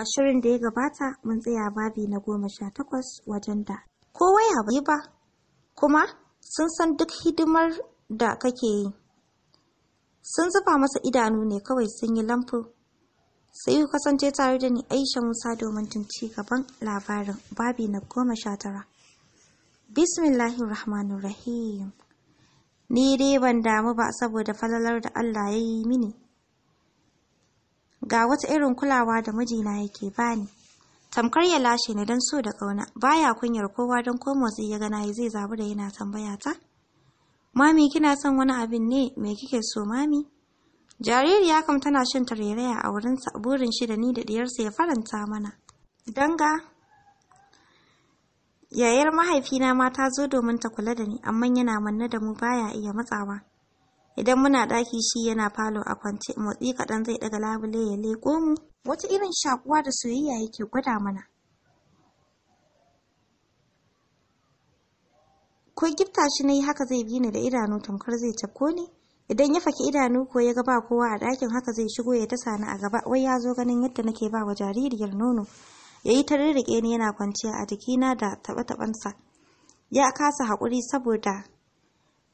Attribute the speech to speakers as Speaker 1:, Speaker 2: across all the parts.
Speaker 1: A shirin da ya gabata mun tsaya babi na goma sha takwas wajen da kowa ya bai ba kuma sun san duk hidimar da kake yi. Sun zuba masa idanu ne kawai sun yi lamfu. Sai ku kasance tare da ni Aisha Musa domin tun ci gaban labarin babi na goma sha tara. rahim. Ni dai ban damu ba saboda falalar da Allah ya yi mini. ga wata irin kulawa da mijina yake bani tamkar ya lashe ni don so da ƙauna baya kunyar kowa don ko motsi ya gana zai zabu da yana tambaya ta mami kina son wani abin ne me kike so mami jaririya kam tana shan tarairaya a wurin burin shi da ni da diyarsa ya faranta mana danga yayar mahaifina ma ta zo domin ta kula da ni amma yana manne da mu baya iya matsawa idan muna daki shi yana falo a kwance motsi kaɗan zai daga labule ya leƙo mu wata irin shakuwa da soyayya yake gwada mana ko gifta shi na haka zai bi ni da idanu tamkar zai tafko ni idan ya faki idanu ko ya ga ba kowa a ɗakin haka zai shigo ya tasa ni a gaba wai ya zo ganin yadda nake ba wa jaririyar nono ya yi ta ririke ni yana kwanciya a jikina da taɓe-taɓensa ya kasa haƙuri saboda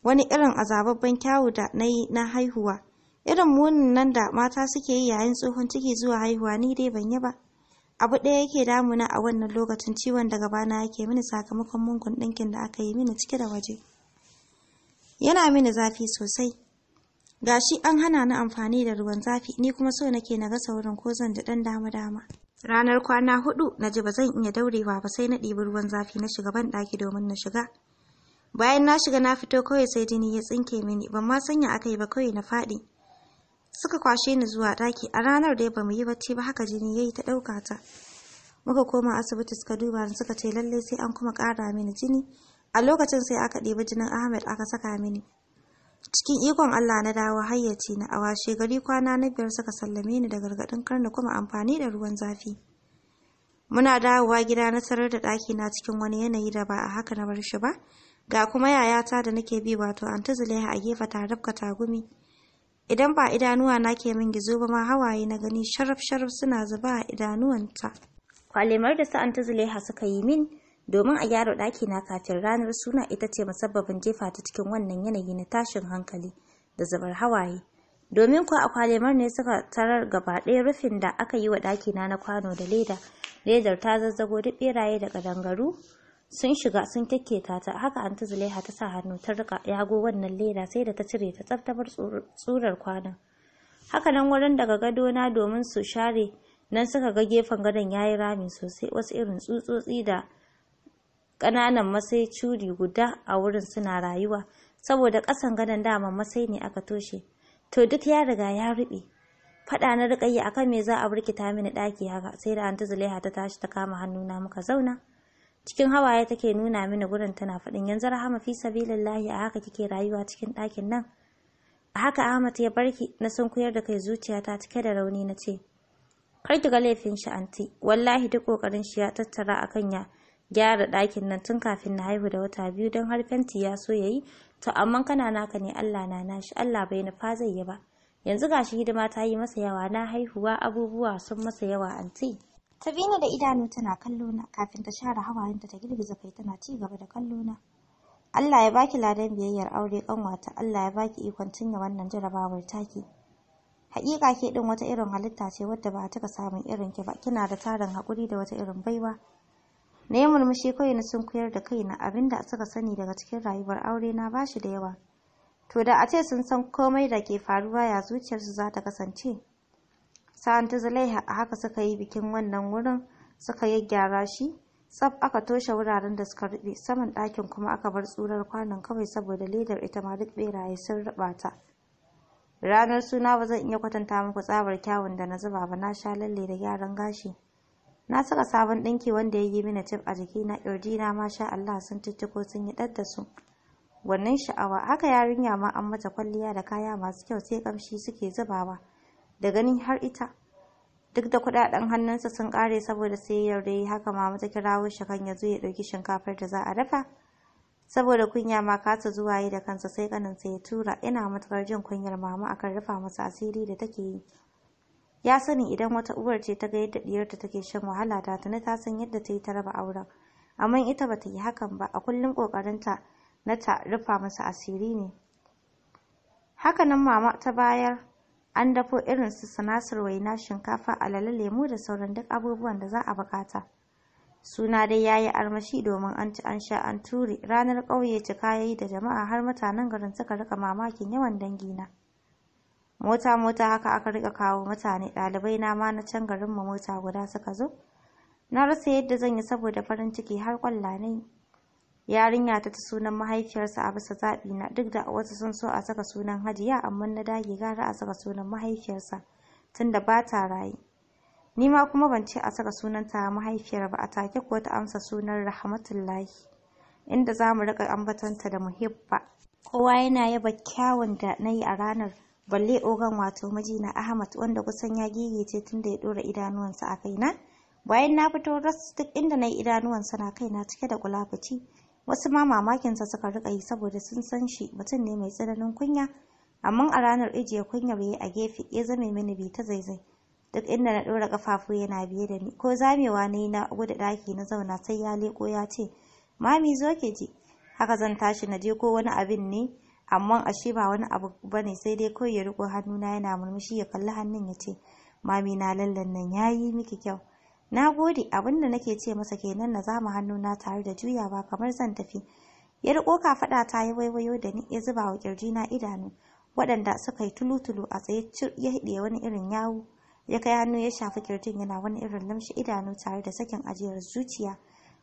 Speaker 1: wani irin azababban kyawu da na yi na haihuwa irin munin nan da mata suke yi yayin tsohon ciki zuwa haihuwa ni dai ban yi ba abu ɗaya yake damuna a wannan lokacin ciwon da gabana yake mini sakamakon mungun ɗinkin da aka yi mini cike da waje yana mini zafi sosai gashi an hana ni amfani da ruwan zafi ni kuma so nake na gasa wurin ko zan ji ɗan dama dama ranar kwana hudu na ji ba zan iya daurewa ba sai na ɗibi ruwan zafi na shiga ban ɗaki domin na shiga bayan na shiga na fito kawai sai jini ya tsinke mini ban ma sanya aka yi ba kawai na faɗi suka kwashe ni zuwa ɗaki a ranar da dai mu yi bacci ba haka jini yayi ta ɗauka ta muka koma asibiti suka duba ni suka ce lallai sai an kuma ƙara mini jini a lokacin sai aka ɗebi jinin ahmed aka saka mini cikin ikon allah na dawo hayyaci na a washe gari kwana na biyar suka sallame ni da gargaɗin karni kuma amfani da ruwan zafi muna dawowa gida na sarar da ɗaki na cikin wani yanayi da ba a haka na bar shi ba ga kuma yayata da nake bi wato anti zulaiha a gefe ta rabka gumi idan ba idanuwa na ke min gizo ba ma hawaye na gani sharaf sharaf suna zuba a idanuwanta kwalemar da su anti zulaiha suka yi min domin a gyara ɗaki na kafin ranar suna ita ce musabbabin jefa ta cikin wannan yanayi na tashin hankali da zubar hawaye domin ko a kwalemar ne suka tarar gaba ɗaya rufin da aka yi wa ɗakina na na kwano da leda ledar ta zazzago duk beraye da ƙadangaru sun shiga sun kyakketa ta haka an ta zulaiha ta sa hannu ta rika yago wannan leda sai da ta cire ta tsaftabar tsurar kwanan haka nan wurin daga gadona domin su share nan suka ga gefen gadon ya yi rami sosai wasu irin tsutsotsi da ƙananan masai curi guda a wurin suna rayuwa saboda ƙasan gadon dama masai ne aka toshe to duk ya riga ya ruɓe faɗa na rikayi akan me za a burkita mini ɗaki haka sai da an ta zulaiha ta tashi ta kama hannu na muka zauna cikin hawaye take nuna mini gurin tana faɗin yanzu rahama fi sabilillahi a haka kike rayuwa cikin ɗakin nan a haka ahmad ya barki na sunkuyar da kai zuciyata cike da rauni na ce kar ki ga laifin shi anti wallahi duk kokarin shi ya tattara kan ya gyara ɗakin nan tun kafin na haihu da wata biyu don har fenti ya so yi? to amma kana naka ne Allah na nashi Allah bai na fa zai yi ba yanzu gashi hidima ta yi masa yawa na haihuwa abubuwa sun masa yawa anti ta da idanu tana kallo na kafin ta share hawayenta ta girgiza kai tana ci gaba da kallo na Allah ya baki ladan biyayyar aure kanwata Allah ya baki ikon cinye wannan jarabawar taki Hakika ke din wata irin halitta ce wadda ba ta samun irin ki ba kina da tarin hakuri da wata irin baiwa na yi murmushi kawai na sunkuyar da kaina abinda suka sani daga cikin rayuwar aure na bashi da yawa to da a ce sun san komai da ke faruwa ya zuciyarsu za ta kasance sa'an ta zulaiha a haka suka yi bikin wannan wurin suka yi gyara shi tsaf aka toshe wuraren da suka rube saman ɗakin kuma aka bar tsurar kwanon kawai saboda ledar ita ma duk beraye sun ruɓa ta ranar suna ba zan iya kwatanta muku tsabar kyawun da na zuba ba na sha lalle da gyaran gashi na saka sabon ɗinki wanda ya yi mini tif a jiki na na ma sha Allah sun tuttuko sun yi ɗad da su wannan sha'awa haka yarinya ma an mata kwalliya da kaya masu kyau sai ƙamshi suke zubawa da gani har ita duk da kudaden hannunsa sun kare saboda sai yarda yi haka mama ta kirawo shi kan ya zo ya dauki shinkafar da za a dafa saboda kunya ma kasa zuwa yi da kansa sai kanin kaninsa ya tura ina matukar jin kunyar mama akan rufa masa asiri da take yi ya sani idan wata uwar ce ta ga yadda diyarta take shan wahala ta tuni ta san yadda ta yi ta raba auren amma ita bata yi hakan ba a kullum kokarinta na ta rufa masa asiri ne hakanan mama ta bayar an dafo irin su sinasir waina shinkafa alale lemu da sauran duk abubuwan da za a buƙata. suna dai ya yi armashi domin an ci an sha an ture ranar ƙauye cika ya da jama'a har mutanen garin suka rika mamakin yawan dangi na. mota mota haka aka rika kawo mutane ɗalibai na ma na can garin mu mota guda suka zo na rasa yadda zan yi saboda farin ciki har ƙwalla yarinya ta ta sunan mahaifiyarsa a bisa zaɓi na duk da wasu sun so a saka sunan hajiya amma na dage gara a saka sunan mahaifiyarsa tunda ba ta raye ni ma kuma ban ce a saka sunan ta mahaifiyar ba a take kuwa ta amsa sunan rahmatullahi inda za mu riƙa ambatanta da muhibba kowa yana yaba kyawun da na yi a ranar balle ogan wato mijina ahmad wanda kusan ya gigice tun da ya ɗora idanuwansa a kaina bayan na fito ras duk inda na yi idanuwansa na kaina cike da kulafaci wasu ma mamakinsa suka rika yi saboda sun san shi mutum ne mai tsananin kunya amma a ranar ijiye kunyar yi a gefe ya zame mini bi ta zaizai duk inda na ɗora kafafu yana biye da ni ko zamewa ne na gudu ɗaki na zauna sai ya leko ya ce mami zo ke ji haka zan tashi na je ko wani abin ne amma ashe ba wani abu bane sai dai kawai ya riko hannuna yana murmushi ya kalli hannun ya ce mami na lallan nan yayi miki kyau na gode abin da nake ce masa kenan na zama hannuna tare da juyawa kamar zan tafi ya riko faɗa ta yi waiwayo da ni ya zuba wa na idanu waɗanda suka yi tulutulu a tsaye ya hiɗe wani irin yawo, ya kai hannu ya shafi kirjin yana wani irin lamshi idanu tare da sakin ajiyar zuciya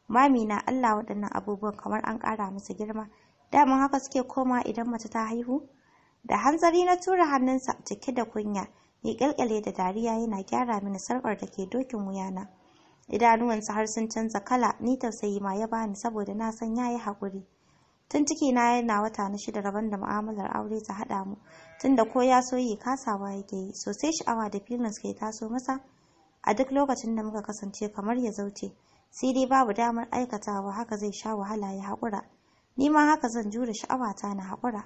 Speaker 1: mami na Allah waɗannan abubuwan kamar an ƙara masa girma daman haka suke koma idan mace ta haihu da hanzari na tura hannunsa cike da kunya ya ƙyalƙyale da dariya yana gyara mini sarƙar da ke dokin wuyana idanuwansa har sun canza kala ni tausayi ma ya bani saboda na san yayi hakuri tun ciki na yana wata na shida rabon da mu'amalar aure ta haɗa mu tunda ko ya so yi kasawa yake yi sosai sha'awa da feelings ke taso masa a duk lokacin da muka kasance kamar ya zauce sai dai babu damar aikatawa haka zai sha wahala ya hakura ni ma haka zan jure sha'awa ta na hakura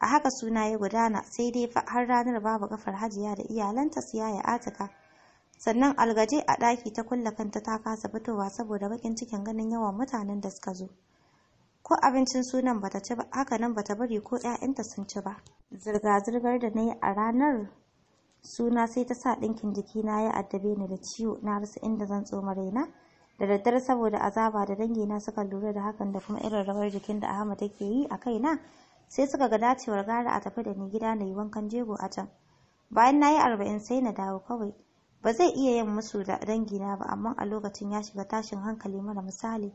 Speaker 1: a haka suna ya gudana sai dai har ranar babu kafar hajiya da iyalanta su yaya atika sannan algaje a ɗaki ta kulle kanta ta kasa fitowa saboda bakin cikin ganin yawan mutanen da suka zo ko abincin sunan bata ci ba haka nan bata bari ko 'ya'yanta sun ci ba zirga-zirgar da nayi a ranar suna sai ta sa ɗinkin na ya addabe ni da ciwo na rasa inda zan tsoma raina da daddare saboda azaba da dangi na suka lura da hakan da kuma irin rawar jikin da Ahmad take yi a kaina sai suka ga dacewar gara a tafi da ni gida na yi wankan jego a can bayan na yi arba'in sai na dawo kawai ba zai iya yin musu da dangina ba amma a lokacin ya shiga tashin hankali mana misali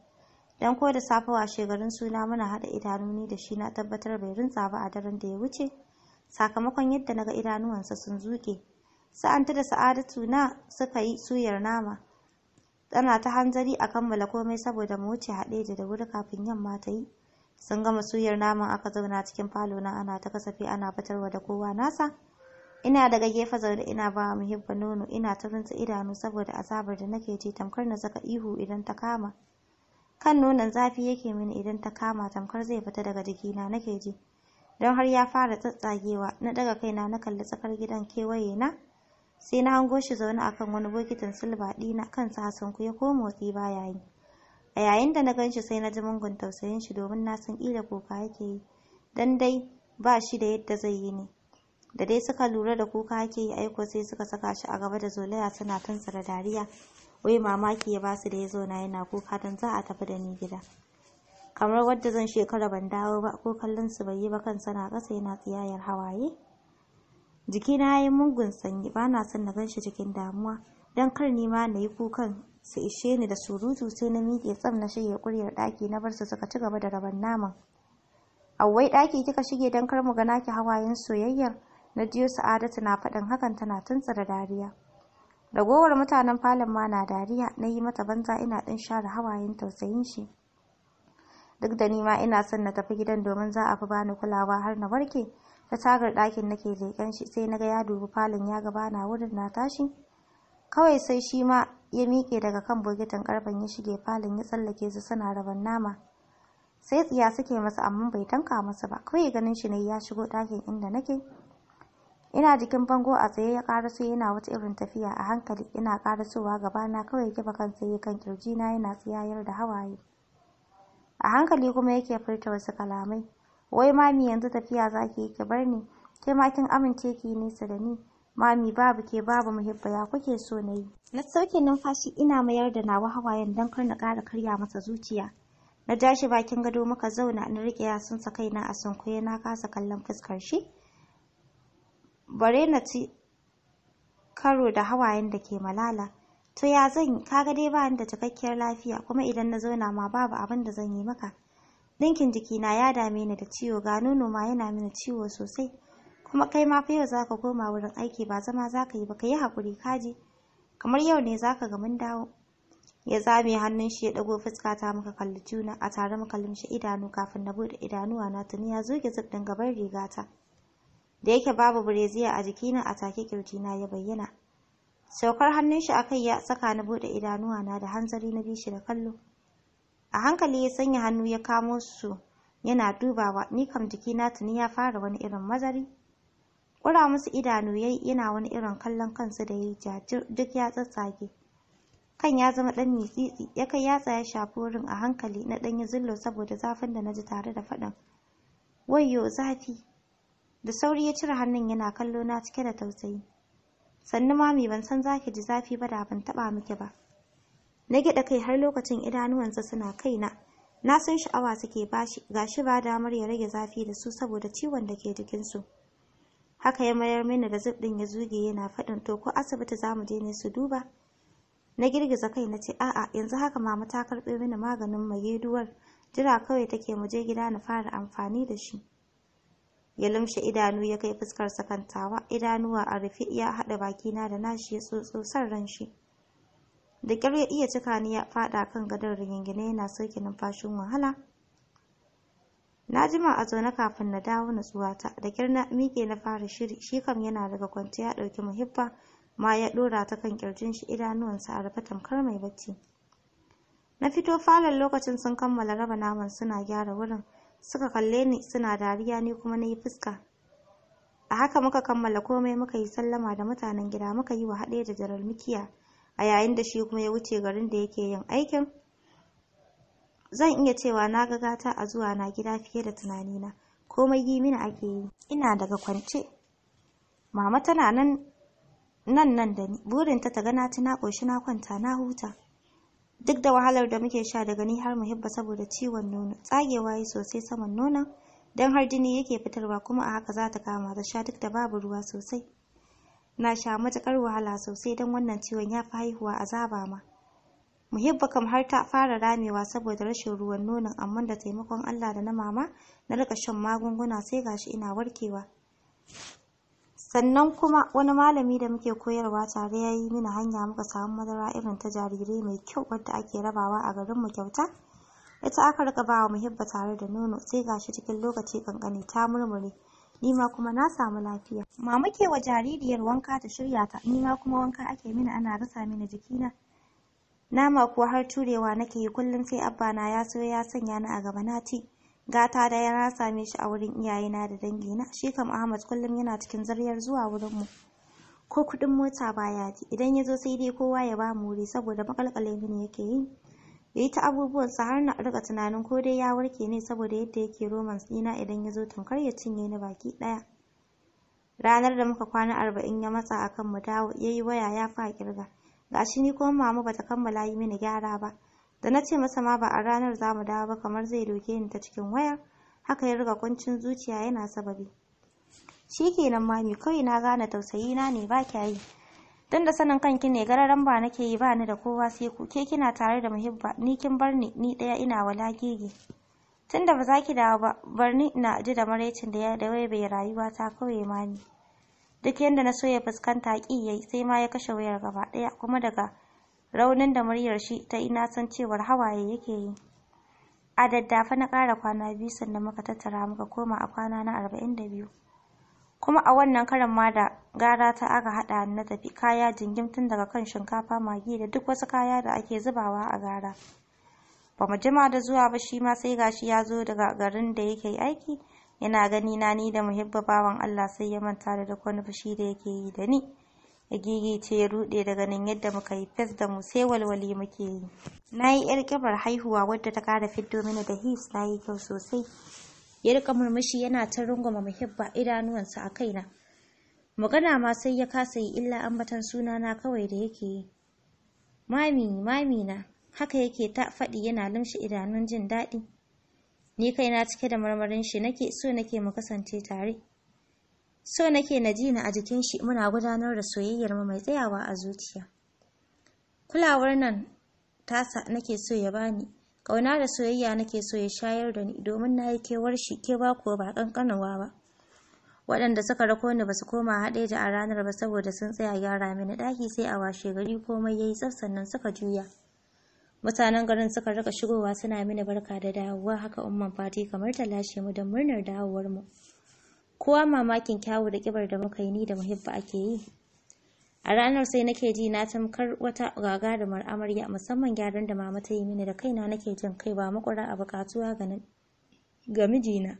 Speaker 1: dan ko da safe wa garin suna muna hada idanuni da shi na tabbatar bai rintsa ba a daren da ya wuce sakamakon yadda naga idanuwansa sun zuke sa'anta da sa'adatu na suka yi suyar nama tana ta hanzari a kammala komai saboda mu wuce haɗe da wuri kafin yamma ta yi sun gama suyar naman aka zauna cikin falo na ana ta kasafi ana fitarwa da kowa nasa ina daga gefe zaune ina ba wa muhibba nono ina ta runtse idanu saboda azabar da nake ji tamkar na saka ihu idan ta kama kan nonon zafi yake mini idan ta kama tamkar zai fita daga jikina nake ji don har ya fara tsatsagewa na daga kaina na kalli tsakar gidan kewaye na sai na hango shi zaune akan wani bokitin silba ɗina kansa a kuya ko motsi baya yi a yayin da na gan shi sai na ji mungun tausayin shi domin na san ƙila koka yake yi dan dai ba shi da yadda zai yi ne da dai suka lura da kuka ake yi aiko sai suka saka shi a gaba da zolaya suna tantsara dariya wai mamaki ya basu da ya zo na yana kuka don za a tafi da ni gida kamar wadda zan shekara ban dawo ba ko kallon su bai yi ba kansa na ƙasa yana tsiyayar hawaye jiki na yi mungun sanyi ba na son na gan shi cikin damuwa don kar ni ma na yi kukan su ishe ni da surutu sai na miƙe tsam na shige kuryar ɗaki na bar su suka ci gaba da rabon naman wai ɗaki kika shige don kar mu gana ki hawayen soyayyar na jiyo sa'adatu na faɗin hakan tana tuntsira dariya ragowar mutanen falon ma na dariya na yi mata banza ina ɗin share hawayen tausayin shi duk da nima ina son na tafi gidan domin za a fi bani kulawa har na warke ta tagar ɗakin nake leƙen shi sai na ga ya dubi falon ya gaba na wurin na tashi kawai sai shi ma ya miƙe daga kan bogitin ƙarfen ya shige falon ya tsallake su suna rabon nama sai tsiya suke masa amma bai tanka masa ba kawai ganin shi ne ya shigo ɗakin inda nake ina jikin bango a tsaye ya karaso yana wata irin tafiya a hankali ina karasowa gabana kawai kiba kan ya kan kirji na yana tsiyayar da hawaye a hankali kuma yake furta wasu kalamai wai mami yanzu tafiya zaki yake bar ni ke ma kin amince ki nesa da ni mami babu ke babu muhibba ya kuke so na yi na sauke numfashi ina mayar da nawa hawayen don kar na ƙara karya masa zuciya na ja shi bakin gado muka zauna na riƙe yatsunsa kaina a sunkuye na kasa kallon fuskar shi bare na ci karo da hawayen da ke malala to ya zan kaga dai ba da cikakkiyar lafiya kuma idan na zauna ma babu abin da zan yi maka dinkin na ya dame ni da ciwo ga nono ma yana mini ciwo sosai kuma kai ma fa yau zaka koma wurin aiki ba zama zaka yi ba ka yi hakuri kaji kamar yau ne zaka ga mun dawo ya zame hannun shi ya dago fuska ta muka kalli juna a tare muka lumshe idanu kafin na bude idanuwa na tuni ya zuge zub din gaban rigata da yake babu bireziya a jikina a take na ya bayyana saukar hannun shi akai ya saka ni bude idanuwa na da hanzari na bishi da kallo a hankali ya sanya hannu ya kamo su yana dubawa ni kam jikina tuni ya fara wani irin mazari Kura musu idanu yayi yana wani irin kallon kansu da yayi jajir duk ya tsatsage kan ya zama dan mitsitsi ya kai yatsa ya shafi wurin a hankali na dan yi zillo saboda zafin da na ji tare da faɗan wayyo zafi da sauri ya cire hannun yana kallo na cike da tausayi sannu mami ban san zaki ji zafi ba da ban taba miki ba na gida kai har lokacin idanuwansa suna kaina na san sha'awa suke bashi gashi ba damar ya rage zafi da su saboda ciwon da ke jikin su haka ya mayar mini da zub ɗin ya zuge yana faɗin to ko asibiti za mu je ne su duba na girgiza kai na ce a'a yanzu haka mama ta karɓo mini maganin mageduwar jira kawai take mu je gida na fara amfani da shi ya lumshe idanu ya kai fuskar sakantawa idanuwa a rufe ya haɗa bakina da nashi ya tsotso san ran shi da ƙyar ya iya cika ni ya faɗa kan gadon rigingine yana sauke numfashin wahala na jima a zaune kafin na dawo ta, da kyar na miƙe na fara shiri shi kam yana daga kwance ya ɗauki muhibba ma ya ɗora ta kan ƙirjin shi idanuwansa a rufe tamkar mai bacci na fito falon lokacin sun kammala raba naman suna gyara wurin suka kalle ni suna dariya ne kuma na yi fuska a haka muka kammala komai muka yi sallama da mutanen gida muka yi wa haɗe da jarar mikiya a yayin da shi kuma ya wuce garin da yake yin aikin zan iya cewa na ga gata a zuwa na gida fiye da tunanina komai yi mini ake yi ina daga kwance mama tana nan nan da ni burinta ta gana na ci na ƙoshi na kwanta na huta duk da wahalar da muke sha daga ni har muhibba saboda ciwon nono tsagewa yi sosai saman nonon don har jini yake fitarwa kuma a haka za ta kama da sha duk da babu ruwa sosai na sha matuƙar wahala sosai don wannan ciwon ya fi haihuwa azaba ma muhibba kam har ta fara ramewa saboda rashin ruwan nonon amma da taimakon allah da na mama na rika shan magunguna sai gashi ina warkewa sannan kuma wani malami da muke koyarwa tare ya yi mini hanya muka samu madara irin ta jarirai mai kyau wadda ake rabawa a garin mu kyauta ita aka rika bawa wa muhibba tare da nono sai gashi cikin lokaci kankani ta murmure ni ma kuma na samu lafiya mama ke wa jaririyar wanka ta shirya ta Nima kuma wanka ake mini ana rasa mini jikina nama kuwa har turewa nake yi kullum sai abba na ya so ya sanya ni a gaba na ti. gata da ya same shi a wurin iyayena da dangina shi kam Ahmad kullum yana cikin zaryar zuwa wurin mu ko kudin mota baya ji idan ya zo sai dai kowa ya ba mu wuri saboda makalkale mini yake yi ya yi ta abubuwansa har na rika tunanin ko dai ya warke ne saboda yadda yake romans ɗina idan ya zo tamkar ya cinye ni baki ɗaya ranar da muka kwana arba'in ya matsa akan mu dawo ya yi waya ya fa kirga gashi ni kuma mamu bata kammala yi mini gyara ba da na ce masa ma ba a ranar za mu dawo ba kamar zai doke ni ta cikin waya haka ya riga kuncin zuciya yana sababi shi kenan mami kawai na gane tausayi na ne ba kya yi dan da sanin kanki ne gararan ba nake yi ba ni da kowa sai ku ke kina tare da muhibba ni kin bar ni ni daya ina wala gege tunda ba za ki dawo ba bar ni ina ji da maraicin da ya da bai rayuwa ta kawai mami duk yadda na so ya fuskanta ki yayi sai ma ya kashe wayar gaba ɗaya, kuma daga raunin da muryar shi ta ina san cewar hawaye yake yi a daddafa na ƙara kwana biyu sannan muka tattara muka koma a kwana na arba'in da biyu kuma a wannan karan ma da gara ta aka haɗa na tafi kaya jingim tun daga kan shinkafa magi da duk wasu kaya da ake zubawa a gara ba mu jima da zuwa ba shi ma sai gashi ya zo daga garin da yake aiki yana gani na ni da muhibba bawan Allah sai ya manta da duk wani fushi da yake yi da ni ya ce ya rude daga nan yadda muka yi fes da mu sai walwali muke yi na yi yar kibar haihuwa wadda ta kara fito mini da hips na yi kyau sosai ya rika murmushi yana ta rungume muhibba idanuwansa a kaina magana ma sai ya kasa yi illa ambatan na kawai da yake yi mami mami na haka yake ta faɗi yana lumshe idanun jin daɗi ni kaina cike da marmarin shi nake so nake mu kasance tare so nake na ji na a jikin shi muna gudanar da soyayyar mu mai tsayawa a zuciya kulawar nan tasa nake so ya bani kauna da soyayya nake so ya shayar da ni domin na yi kewar shi ke ba ko ba kankanawa ba waɗanda suka rako ni ba su koma haɗe da a ranar ba saboda sun tsaya gyara mini ɗaki sai a washe gari komai ya yi tsaf sannan suka juya mutanen garin suka rika shigowa suna mini barka da dawowa haka umman fati kamar ta lashe mu da murnar dawowar mu kowa mamakin kyawu da kibar da muka yi ni da muhibba ake yi a ranar sai nake ji na tamkar wata gagarumar amarya musamman gyaran da mama ta yi mini da kaina nake jin kai ba makura a bukatuwa ga mijina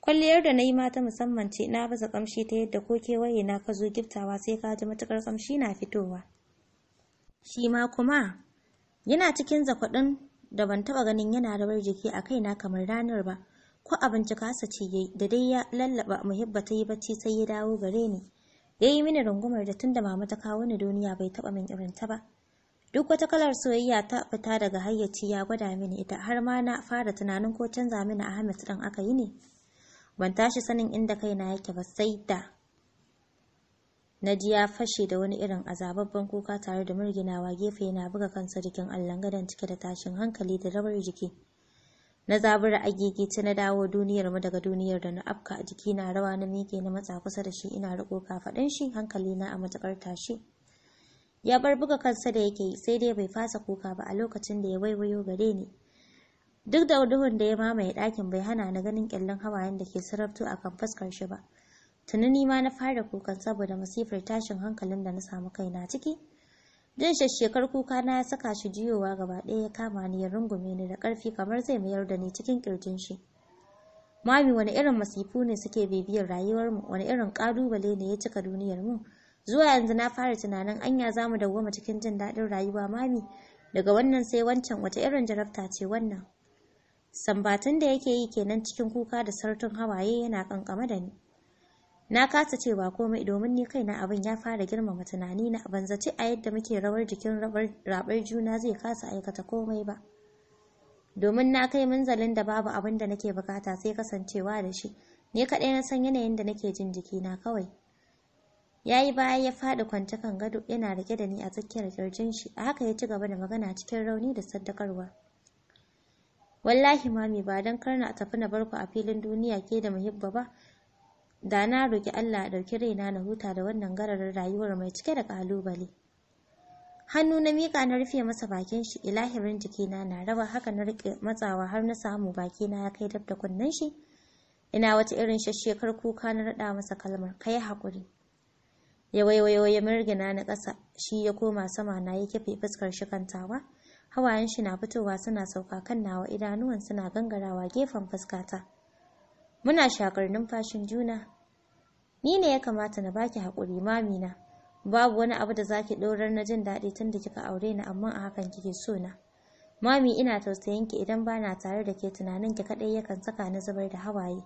Speaker 1: kwalliyar da na yi mata musamman ce na baza kamshi ta yadda ko kewaye na ka zo giftawa sai ka ji matukar kamshi na fitowa shi ma kuma yana cikin zakwadin da ban taɓa ganin yana rawar jiki a kaina kamar ranar ba ko abinci kasa ce yayi da dai ya lallaba muhibba ta yi bacci sai ya dawo gare ni yayi mini rungumar da tunda mama ta kawo ni duniya bai taba min irin ta ba duk wata kalar soyayya ta fita daga hayyaci ya gwada mini ita har ma na fara tunanin ko canza mini Ahmed din aka yi ne ban tashi sanin inda kaina yake ba sai da na ji ya fashe da wani irin azababban kuka tare da murginawa gefe yana buga kansa jikin allangadan gadon cike da tashin hankali da rawar jiki na zabura agigice na dawo duniyar mu daga duniyar da na afka a jiki na rawa na mike na matsa kusa da shi ina riko kafaɗan shi hankali na a matakar tashi ya bar buga kansa da yake sai dai bai fasa kuka ba a lokacin da ya waiwayo gare ni duk da duhun da ya mamaye ɗakin bai hana na ganin ƙyallon hawayen da ke sarrafto a kan fuskar shi ba tuni ni ma na fara kukan saboda masifar tashin hankalin da na samu kaina ciki Jin shekar kuka na ya saka shi jiyowa gaba ɗaya ya kama ni ya rungume ni da ƙarfi kamar zai mayar da ni cikin ƙirjin shi. Mami wani irin masifu ne suke bibiyar rayuwarmu, wani irin ƙalubale ne ya cika duniyar mu. Zuwa yanzu na fara tunanin anya za mu dawwama cikin jin daɗin rayuwa mami, daga wannan sai wancan wata irin jarabta ce wannan. Sambatun da yake yi kenan cikin kuka da sartun hawaye yana kankama da ni. Na kasa cewa komai domin ni kaina abin ya fara girmama tunani na ban zaci a yadda muke rawar jikin rabar juna zai kasa aikata komai ba. Domin na kai munzalin da babu abin da nake bukata sai kasancewa da shi, ni kaɗai na san yanayin da nake jin jikina kawai. Ya yi baya ya faɗi kwance kan gado yana rike da ni a tsakiyar kirjin shi, a haka ya ci gaba da magana cikin rauni da saddakarwa. Wallahi mami ba don karna a tafi na barku a filin duniya ke da muhibba ba, da na roki Allah a ɗauki raina na huta da wannan gararin rayuwar mai cike da ƙalubale. Hannu na miƙa na rufe masa bakin shi ilahirin jikina na raba haka na riƙe matsawa har na samu bakina ya kai dab da kunnen shi. Ina wata irin shashshekar kuka na raɗa masa kalmar kai haƙuri. Ya waiwayo ya mirgina na ƙasa shi ya koma sama na yi kife fuskar shi kantawa. Hawayen shi na fitowa suna sauka kan nawa idanuwan suna gangarawa gefen fuskata. Muna shakar numfashin juna. Ni ne ya kamata na baki haƙuri mamina. Babu wani abu da zaki ɗorar na jin daɗi tun da kika aure ni amma a hakan kike so na. Mami ina tausayin ki idan bana tare da ke tunanin ki kaɗai yakan saka ni zubar da hawaye.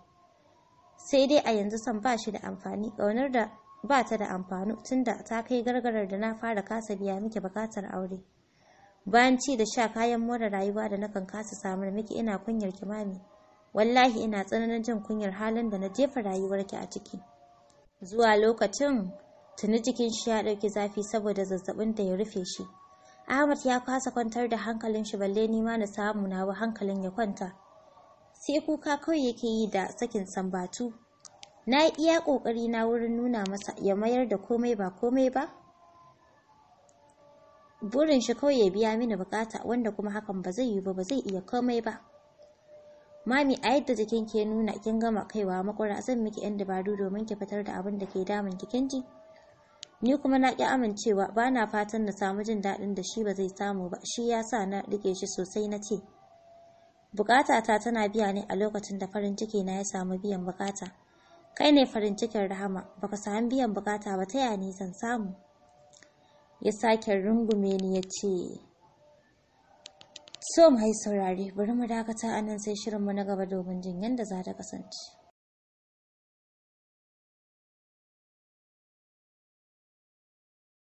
Speaker 1: Sai dai a yanzu san ba shi da amfani ƙaunar da ba ta da amfani tunda ta kai gargarar da na fara kasa biya miki bukatar aure. Bayan ci da sha kayan more rayuwa da nakan kasa samar miki ina kunyar ki mami. wallahi ina tsananin jin kunyar halin da na jefa rayuwarki a ciki zuwa lokacin tuni jikin shi ya ɗauki zafi saboda zazzabin da ya rufe shi ahmad ya kasa kwantar da hankalin shi balle ni ma na samu nawa hankalin ya kwanta sai kuka kawai yake yi da sakin sambatu na yi iya ƙoƙari na wurin nuna masa ya mayar da komai ba komai ba burin shi kawai ya biya mini bukata wanda kuma hakan ba zai yi ba ba zai iya komai ba Mami a yadda jikin ke nuna kin gama kaiwa makura zan miki yan dabaru domin ki fitar da abin da ke damun ki ji Ni kuma na ki amincewa ba na fatan na samu jin daɗin da shi ba zai samu ba shi ya sa na rike shi sosai na ce. ta tana biya ne a lokacin da farin ciki na ya samu biyan bukata. Kai ne farin cikin rahama baka samu biyan bukata ba ta yaya zan samu. Ya sake rungume ni ya ce. So mai saurare bari mu dakata anan sai shirinmu na gaba domin jin yadda za ta kasance.